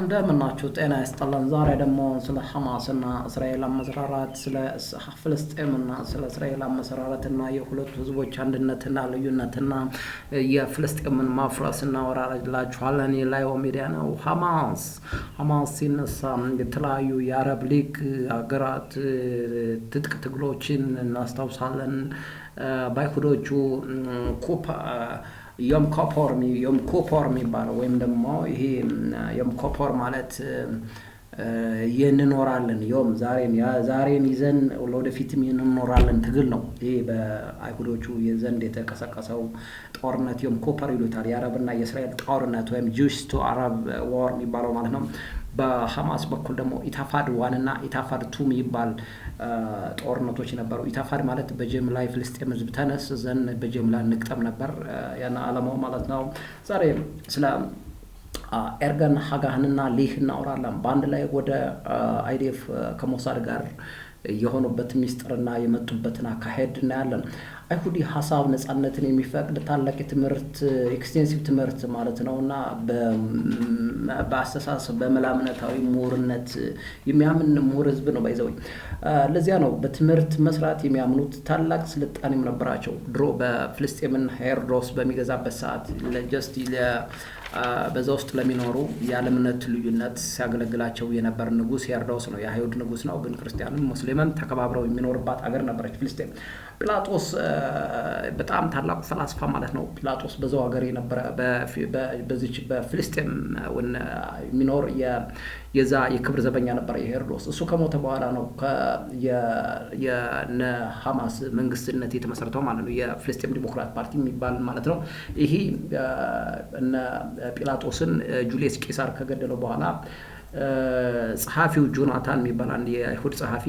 እንደምናችሁ ጤና ይስጥልን። ዛሬ ደግሞ ስለ ሐማስና እስራኤል አመሰራራት፣ ስለ ፍልስጤምና ስለ እስራኤል አመሰራረትና የሁለቱ ህዝቦች አንድነትና ልዩነትና የፍልስጤምን ማፍረስ እናወራላችኋለን። የላይዎ ሚዲያ ነው። ሐማስ ሐማስ ሲነሳ የተለያዩ የአረብ ሊግ ሀገራት ትጥቅ ትግሎችን እናስታውሳለን። ባይሁዶቹ ኩፓ ዮም ኮፖር ዮም ኮፖር የሚባለው ወይም ደግሞ ይሄ ዮም ኮፖር ማለት የንኖራለን ዮም ዛሬን ዛሬን ይዘን ለወደፊትም የንኖራለን ትግል ነው። ይሄ በአይሁዶቹ ዘንድ የተቀሰቀሰው ጦርነት ዮም ኮፐር ይሉታል። የአረብና የእስራኤል ጦርነት ወይም ጁስ ቱ አረብ ዋር የሚባለው ማለት ነው። በሐማስ በኩል ደግሞ ኢታፋድ ዋን እና ኢታፋድ ቱ የሚባል ጦርነቶች ነበሩ። ኢታፋድ ማለት በጀምላ የፍልስጤም ሕዝብ ተነስ ዘን በጀምላ ንቅጠም ነበር ያና አላማው ማለት ነው። ዛሬ ስለ ኤርገን ሀጋህንና ሊህ እናወራለን። በአንድ ላይ ወደ አይዲኤፍ ከሞሳድ ጋር የሆኑበት ሚስጥርና የመጡበትን አካሄድ እናያለን። አይሁዲ ሀሳብ ነጻነትን የሚፈቅድ ታላቅ የትምህርት ኤክስቴንሲቭ ትምህርት ማለት ነው እና በአስተሳሰብ በመላምነታዊ ምሁርነት የሚያምን ምሁር ህዝብ ነው። ባይዘወኝ ለዚያ ነው በትምህርት መስራት የሚያምኑት። ታላቅ ስልጣኔም ነበራቸው። ድሮ በፍልስጤምና ሄሮድስ በሚገዛበት ሰዓት ለጀስት በዛ ውስጥ ለሚኖሩ የአለምነት ልዩነት ሲያገለግላቸው የነበር ንጉስ የርዳውስ ነው። የአይሁድ ንጉስ ነው፣ ግን ክርስቲያንም ሙስሊምም ተከባብረው የሚኖርባት ሀገር ነበረች ፍልስጤም። ጲላጦስ በጣም ታላቁ ፈላስፋ ማለት ነው። ጲላጦስ በዛው ሀገር የነበረ በዚች በፍልስጤም የሚኖር የዛ የክብር ዘበኛ ነበረ የሄሮዶስ። እሱ ከሞተ በኋላ ነው የነ መንግስትነት የተመሰረተው ማለት ነው። የፍልስጤም ዲሞክራት ፓርቲ የሚባል ማለት ነው። ይሄ እነ ጲላጦስን ጁልየስ ቄሳር ከገደለው በኋላ ጸሐፊው ጆናታን የሚባል አንድ የአይሁድ ጸሐፊ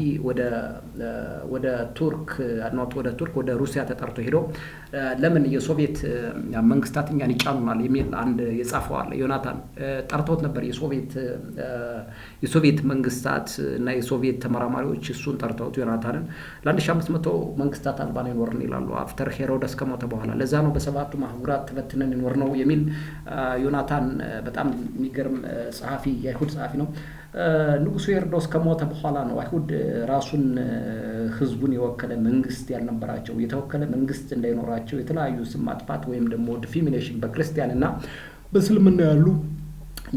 ወደ ቱርክ አድናት ወደ ቱርክ ወደ ሩሲያ ተጠርቶ ሄዶ ለምን የሶቪየት መንግስታት እኛን ይጫኑናል የሚል አንድ የጻፈዋል። ዮናታን ጠርቶት ነበር። የሶቪየት መንግስታት እና የሶቪየት ተመራማሪዎች እሱን ጠርተውት ዮናታንን ለ1500 መንግስታት አልባን ይኖርን ይላሉ። አፍተር ሄሮደስ ከሞተ በኋላ ለዛ ነው በሰባቱ ማህጉራት ተበትነን ይኖር ነው የሚል ዮናታን በጣም የሚገርም ጸሐፊ የአይሁድ ጸሐፊ ነው። ንጉሱ ሄሮድስ ከሞተ በኋላ ነው አይሁድ ራሱን ህዝቡን የወከለ መንግስት ያልነበራቸው የተወከለ መንግስት እንዳይኖራቸው የተለያዩ ስም ማጥፋት ወይም ደግሞ ዲፊሚኔሽን በክርስቲያንና በእስልምና ያሉ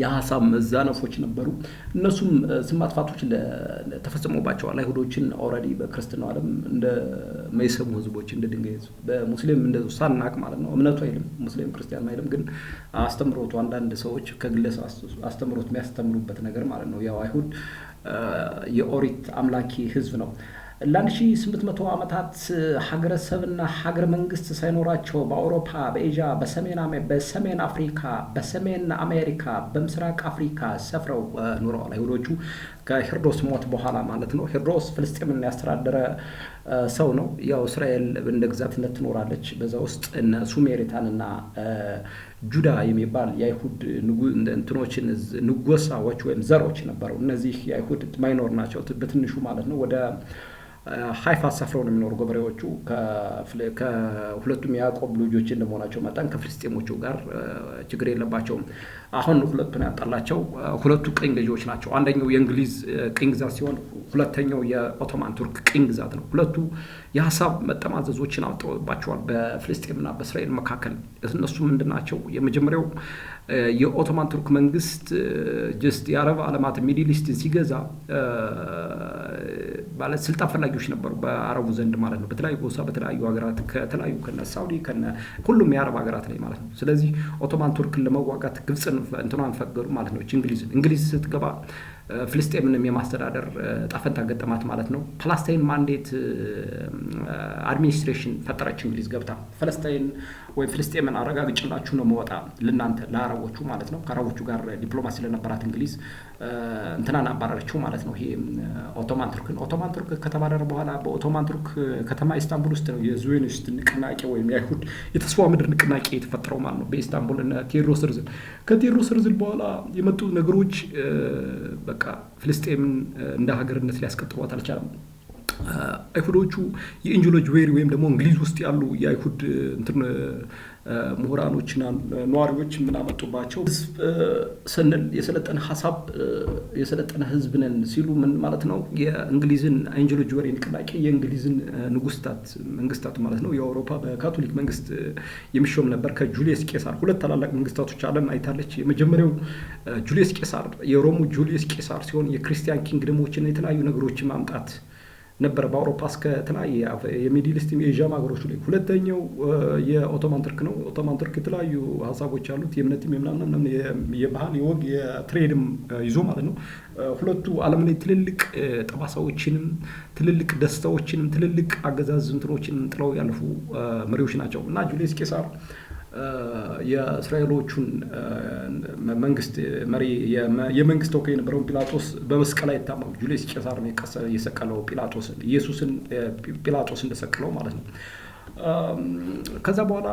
የሀሳብ መዛነፎች ነበሩ። እነሱም ስም ማጥፋቶች ተፈጽሞባቸዋል። አይሁዶችን ኦልሬዲ በክርስትናው ዓለም እንደ መይሰሙ ህዝቦች እንደ ድንጋይ ህዝብ በሙስሊም እንደ ሳናቅ ማለት ነው። እምነቱ አይልም ሙስሊም ክርስቲያን አይልም፣ ግን አስተምሮቱ አንዳንድ ሰዎች ከግለሰብ አስተምሮት የሚያስተምሩበት ነገር ማለት ነው። ያው አይሁድ የኦሪት አምላኪ ህዝብ ነው። ስምንት መቶ ዓመታት ሀገረሰብና ሀገረ መንግስት ሳይኖራቸው በአውሮፓ፣ በኤዥያ፣ በሰሜን አፍሪካ፣ በሰሜን አሜሪካ፣ በምስራቅ አፍሪካ ሰፍረው ኑረዋል። አይሁዶቹ ከሄሮድስ ሞት በኋላ ማለት ነው። ሄሮድስ ፍልስጤምን ያስተዳደረ ሰው ነው። ያው እስራኤል እንደ ግዛትነት ትኖራለች። በዛ ውስጥ እነ ሱሜሪታንና ጁዳ የሚባል የአይሁድ እንትኖችን ንጎሳዎች ወይም ዘሮች ነበረው። እነዚህ የአይሁድ ማይኖር ናቸው በትንሹ ማለት ነው ወደ ሀይፋ ሰፍረው ነው የሚኖሩ ገበሬዎቹ ከሁለቱም የያዕቆብ ልጆች እንደመሆናቸው መጠን ከፍልስጤሞቹ ጋር ችግር የለባቸውም። አሁን ሁለቱን ያጣላቸው ሁለቱ ቅኝ ልጆች ናቸው። አንደኛው የእንግሊዝ ቅኝ ግዛት ሲሆን ሁለተኛው የኦቶማን ቱርክ ቅኝ ግዛት ነው። ሁለቱ የሀሳብ መጠማዘዞችን አምጥተውባቸዋል በፍልስጤምና በእስራኤል መካከል። እነሱ ምንድን ናቸው? የመጀመሪያው የኦቶማን ቱርክ መንግስት ጅስት የአረብ ዓለማት ሚድል ኢስትን ሲገዛ ማለት ስልጣን ፈላጊዎች ነበሩ በአረቡ ዘንድ ማለት ነው። በተለያዩ ጎሳ በተለያዩ ሀገራት ከተለያዩ ከነ ሳውዲ ከነ ሁሉም የአረብ ሀገራት ላይ ማለት ነው። ስለዚህ ኦቶማን ቱርክን ለመዋጋት ግብፅን እንትኗን ፈገዱ ማለት ነው። እንግሊዝ እንግሊዝ ስትገባ ፍልስጤምንም የማስተዳደር ጣፈንታ ገጠማት ማለት ነው። ፓላስታይን ማንዴት አድሚኒስትሬሽን ፈጠረች እንግሊዝ ገብታ ፈለስታይን ወይም ፍልስጤምን አረጋግጭላችሁ ነው መወጣ ልናንተ ለአረቦቹ ማለት ነው። ከአረቦቹ ጋር ዲፕሎማሲ ለነበራት እንግሊዝ እንትናን አባረረችው ማለት ነው። ይሄ ኦቶማን ቱርክን ኦቶማን ቱርክ ከተባረረ በኋላ በኦቶማን ቱርክ ከተማ ኢስታንቡል ውስጥ ነው የዙዌኒስት ንቅናቄ ወይም የአይሁድ የተስፋ ምድር ንቅናቄ የተፈጠረው ማለት ነው በኢስታንቡል ቴዎድሮስ ርዝል ከቴዎድሮስ ርዝል በኋላ የመጡ ነገሮች በቃ ፍልስጤምን እንደ ሀገርነት ሊያስቀጥሏት አልቻለም። አይሁዶቹ የኢንጆሎጅ ዌሪ ወይም ደግሞ እንግሊዝ ውስጥ ያሉ የአይሁድ ምሁራኖችና ነዋሪዎች የምናመጡባቸው ህዝብ ስንል የሰለጠነ ሀሳብ የሰለጠነ ህዝብ ነን ሲሉ ምን ማለት ነው? የእንግሊዝን አንጀሎ ጆሪ ንቅናቄ የእንግሊዝን ንጉስታት መንግስታት ማለት ነው የአውሮፓ በካቶሊክ መንግስት የሚሾም ነበር ከጁሊየስ ቄሳር። ሁለት ታላላቅ መንግስታቶች ዓለም አይታለች። የመጀመሪያው ጁሊየስ ቄሳር የሮሙ ጁሊየስ ቄሳር ሲሆን የክርስቲያን ኪንግደሞችና የተለያዩ ነገሮችን ማምጣት ነበረ በአውሮፓ እስከ ተለያየ የሚዲል ኢስት ኤዥያም ሀገሮች ላይ። ሁለተኛው የኦቶማን ትርክ ነው። ኦቶማን ትርክ የተለያዩ ሀሳቦች አሉት፣ የእምነትም፣ የምናምናም፣ የባህል፣ የወግ፣ የትሬድም ይዞ ማለት ነው። ሁለቱ ዓለም ላይ ትልልቅ ጠባሳዎችንም ትልልቅ ደስታዎችንም ትልልቅ አገዛዝ እንትኖችንም ጥለው ያለፉ መሪዎች ናቸው እና ጁልየስ ቄሳር የእስራኤሎቹን መንግስት መሪ የመንግስት ተወካይ የነበረውን ጲላጦስ በመስቀል ላይ ታማ ጁልየስ ቄሳር ነው የሰቀለው ጲላጦስን ኢየሱስን ጲላጦስ እንደሰቀለው ማለት ነው። ከዛ በኋላ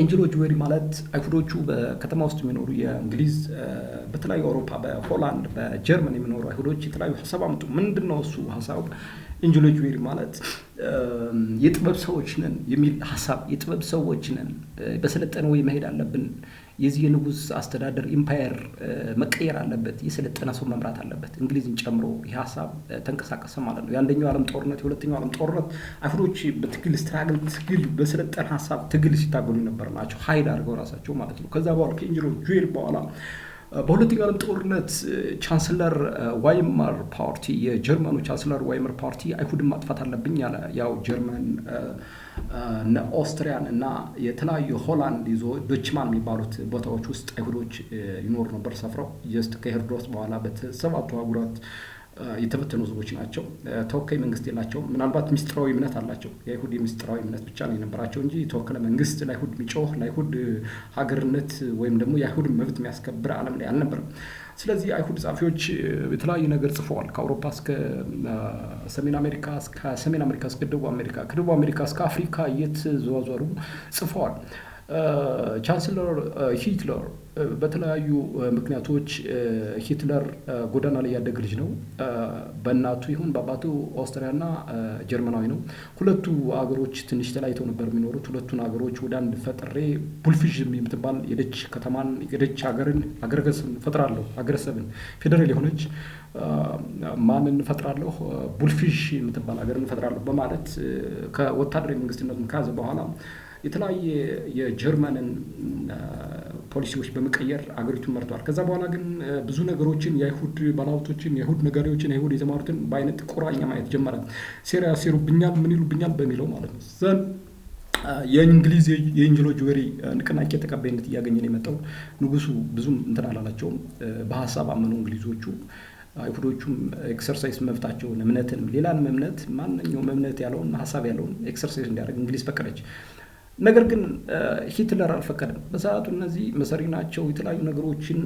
ኤንጅሎች ወሪ ማለት አይሁዶቹ በከተማ ውስጥ የሚኖሩ የእንግሊዝ በተለያዩ አውሮፓ፣ በሆላንድ፣ በጀርመን የሚኖሩ አይሁዶች የተለያዩ ሀሳብ አምጡ። ምንድን ነው እሱ ሀሳብ እንጅሎ ጁዌል ማለት የጥበብ ሰዎች ነን የሚል ሀሳብ የጥበብ ሰዎች ነን፣ በሰለጠነ ወይ መሄድ አለብን። የዚህ ንጉስ አስተዳደር ኢምፓየር መቀየር አለበት፣ የሰለጠነ ሰው መምራት አለበት። እንግሊዝን ጨምሮ ይህ ሀሳብ ተንቀሳቀሰ ማለት ነው። የአንደኛው ዓለም ጦርነት፣ የሁለተኛው ዓለም ጦርነት አይሁዶች በትግል ስትራግል፣ ትግል በሰለጠነ ሀሳብ ትግል ሲታገሉ ነበር ናቸው ሀይል አድርገው ራሳቸው ማለት ነው። ከዛ በኋላ ከእንጅሎ ጁዌል በኋላ በሁለተኛው ዓለም ጦርነት ቻንስለር ዋይማር ፓርቲ የጀርመኑ ቻንስለር ዋይማር ፓርቲ አይሁድን ማጥፋት አለብኝ አለ። ያው ጀርመን እነ ኦስትሪያን እና የተለያዩ ሆላንድ ይዞ ዶችማን የሚባሉት ቦታዎች ውስጥ አይሁዶች ይኖሩ ነበር ሰፍረው ጀስት ከሄሮድስ በኋላ በተሰባቱ አህጉራት የተበተኑ ህዝቦች ናቸው። ተወካይ መንግስት የላቸውም። ምናልባት ምስጢራዊ እምነት አላቸው። የአይሁድ የምስጢራዊ እምነት ብቻ ነው የነበራቸው እንጂ የተወከለ መንግስት ለአይሁድ የሚጮህ ለአይሁድ ሀገርነት ወይም ደግሞ የአይሁድ መብት የሚያስከብር አለም ላይ አልነበርም። ስለዚህ አይሁድ ጻፊዎች የተለያዩ ነገር ጽፈዋል። ከአውሮፓ እስከ ሰሜን አሜሪካ ከሰሜን አሜሪካ እስከ ደቡብ አሜሪካ ከደቡብ አሜሪካ እስከ አፍሪካ እየተዘዋወሩ ጽፈዋል። ቻንስለር ሂትለር በተለያዩ ምክንያቶች ሂትለር ጎዳና ላይ ያደገ ልጅ ነው። በእናቱ ይሁን በአባቱ ኦስትሪያና ጀርመናዊ ነው። ሁለቱ አገሮች ትንሽ ተለያይተው ነበር የሚኖሩት። ሁለቱን አገሮች ወደ አንድ ፈጥሬ ቡልፊዥም የምትባል የደች ከተማን የደች ሀገርን አገረገስን ፈጥራለሁ አገረሰብን ፌዴራል የሆነች ማንን ፈጥራለሁ ቡልፊዥ የምትባል ሀገርን ፈጥራለሁ በማለት ከወታደራዊ መንግስትነቱን ከያዘ በኋላ የተለያየ የጀርመንን ፖሊሲዎች በመቀየር አገሪቱን መርቷል። ከዛ በኋላ ግን ብዙ ነገሮችን የአይሁድ ባለሀብቶችን፣ የአይሁድ ነጋዴዎችን፣ የአይሁድ የተማሩትን በአይነት ቁራኛ ማየት ጀመረ። ሴራ ያሴሩብኛል፣ ምን ይሉብኛል በሚለው ማለት ነው ዘን የእንግሊዝ የእንጅሎጅ ወሬ ንቅናቄ ተቀባይነት እያገኘ ነው የመጣው። ንጉሱ ብዙም እንትን አላላቸውም፣ በሀሳብ አመኑ እንግሊዞቹ። አይሁዶቹም ኤክሰርሳይዝ መብታቸውን እምነትን ሌላንም እምነት ማንኛውም እምነት ያለውን ሀሳብ ያለውን ኤክሰርሳይዝ እንዲያደርግ እንግሊዝ ፈቀደች። ነገር ግን ሂትለር አልፈቀደም። በሰዓቱ እነዚህ መሰሪ ናቸው፣ የተለያዩ ነገሮችን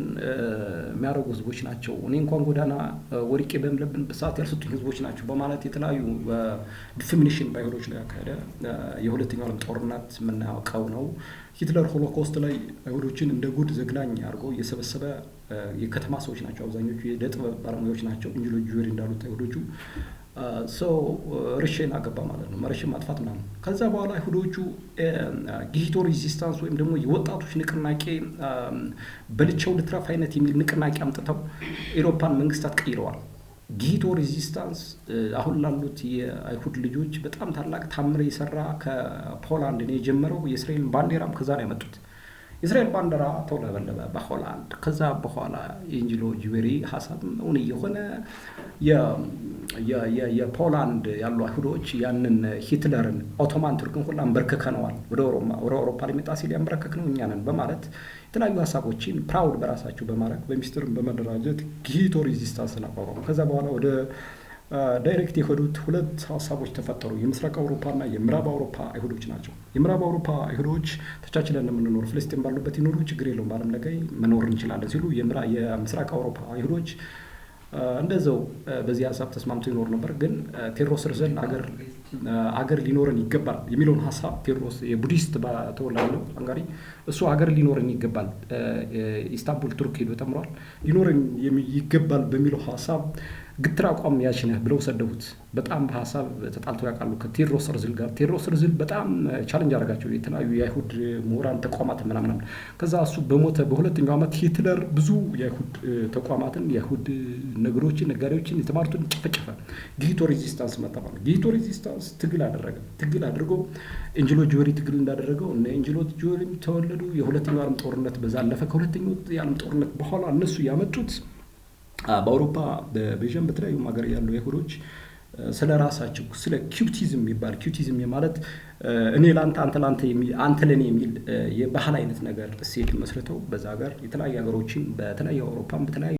የሚያደርጉ ህዝቦች ናቸው፣ እኔ እንኳን ጎዳና ወድቄ በምለብን በሰዓት ያልሰጡኝ ህዝቦች ናቸው በማለት የተለያዩ ዲስሚኒሽን ባይሆዶች ላይ ያካሄደ የሁለተኛው ዓለም ጦርነት የምናውቀው ነው። ሂትለር ሆሎኮስት ላይ አይሁዶችን እንደ ጉድ ዘግናኝ አድርጎ እየሰበሰበ የከተማ ሰዎች ናቸው አብዛኞቹ የደጥበብ ባለሙያዎች ናቸው እንጂ ጁዌሪ እንዳሉት አይሁዶቹ ሰው ርሽን አገባ ማለት ነው። መርሽን ማጥፋት ምናምን። ከዛ በኋላ አይሁዶቹ ጊሂቶ ሬዚስታንስ ወይም ደግሞ የወጣቶች ንቅናቄ በልቸው ልትረፍ አይነት የሚል ንቅናቄ አምጥተው ኤሮፓን መንግስታት ቀይረዋል። ጊቶ ሬዚስታንስ አሁን ላሉት የአይሁድ ልጆች በጣም ታላቅ ታምር የሰራ ከፖላንድ ነው የጀመረው። የእስራኤል ባንዲራም ከዛ ነው ያመጡት። የእስራኤል ባንዲራ ተውለበለበ በሆላንድ። ከዛ በኋላ የኢንጅሎ ጅቤሪ ሀሳብ እውን እየሆነ የፖላንድ ያሉ አይሁዶች ያንን ሂትለርን ኦቶማን ቱርክን ሁሉ አንበርክከነዋል ወደ አውሮፓ ሊመጣ ሲል ያንበረከክነው እኛ ነን በማለት የተለያዩ ሀሳቦችን ፕራውድ በራሳቸው በማድረግ በሚስጥርም በመደራጀት ጊቶ ሬዚስታንስን አቋቋሙ። ከዛ በኋላ ወደ ዳይሬክት የሄዱት ሁለት ሀሳቦች ተፈጠሩ። የምስራቅ አውሮፓና የምዕራብ አውሮፓ አይሁዶች ናቸው። የምዕራብ አውሮፓ አይሁዶች ተቻችለን የምንኖር ፍልስጤን ባሉበት ይኖሩ ችግር የለውም በዓለም ላይ መኖር እንችላለን ሲሉ የምስራቅ አውሮፓ አይሁዶች እንደዛው በዚህ ሀሳብ ተስማምቶ ይኖር ነበር። ግን ቴዎድሮስ ርዘን አገር ሊኖረን ይገባል የሚለውን ሀሳብ ቴዎድሮስ የቡዲስት ተወላጅ ነው አንጋሪ። እሱ አገር ሊኖረን ይገባል ኢስታንቡል ቱርክ ሄዶ ተምሯል። ሊኖረን ይገባል በሚለው ሀሳብ ግትር አቋም ያች ነህ ብለው ሰደቡት። በጣም በሀሳብ ተጣልተው ያውቃሉ ከቴዎድሮስ ርዝል ጋር። ቴዎድሮስ ርዝል በጣም ቻለንጅ አድርጋቸው የተለያዩ የአይሁድ ምሁራን ተቋማት ምናምናም። ከዛ እሱ በሞተ በሁለተኛው ዓመት ሂትለር ብዙ የአይሁድ ተቋማትን የአይሁድ ነገሮችን ነጋዴዎችን የተማሩትን ጨፈጨፈ። ጊቶ ሬዚስታንስ መጣ ጊቶ ሬዚስታንስ ትግል አደረገ። ትግል አድርጎ ኤንጅሎ ጆሪ ትግል እንዳደረገው እነ ኤንጅሎ ጆሪ ተወለዱ። የሁለተኛው ዓለም ጦርነት በዛ አለፈ። ከሁለተኛው የዓለም ጦርነት በኋላ እነሱ ያመጡት በአውሮፓ በቤዥን በተለያዩ ሀገር ያሉ አይሁዶች ስለ ራሳቸው ስለ ኪውቲዝም የሚባል ኪውቲዝም ማለት እኔ ለአንተ አንተ ለአንተ አንተ ለእኔ የሚል የባህል አይነት ነገር እሴት መስርተው በዛ ሀገር የተለያዩ ሀገሮችን በተለያዩ አውሮፓም በተለያዩ